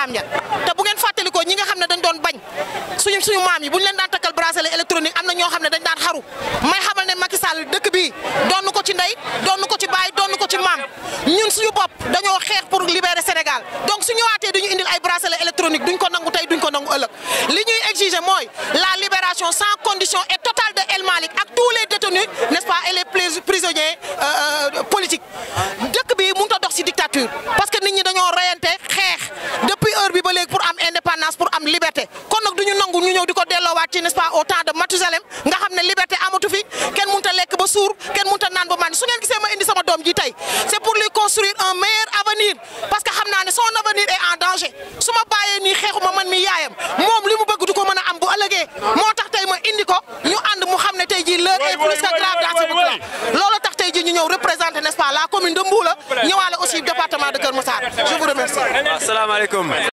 jaam ña te bu fàttalikoo ñi nga xam ne dañ doon bañ suñu maam yi bu ñu leen daan takkal bracelet électronique am na ñoo xam ne dañ daan xaru may xamal ne Macky dëkk bii doon ko ci ndey doon ko ci baay doon ko ci maam ñun suñu bopp dañoo xeex pour libérer Sénégal donc su ñëwaatee duñu indil ay bracelet électronique duñ ko nangu tey duñ ko nangu ëllëg li ñuy exiger mooy la libération sans condition et totale de El Malick ak euh, euh, a heure bi ba léegi pour am indépendance pour am liberté kon nag du ñu nangu ñu ñëw di ko delloowaat ci n'est-ce pas au temps de Mathusalem nga xam ne liberté amatu fi kenn mënut a lekk ba suur kenn mënut a naan ba man su ngeen gisee ma indi sama doom ji tey c'est pour lui construire un meilleur avenir parce que xam naa ne son avenir est en danger su ma bàyyee nii xeexuma man mi yaayam moom li mu bëgg du ko mën a am bu ëllëgee moo tax tey ma indi ko ñu ànd mu xam ne tey jii l'heure est plus que grave dans ñu ñëw représenter n'est-ce pas la commune de Mboula ñëwaale aussi département de Kër Massar je vous remercie. asalaamaaleykum.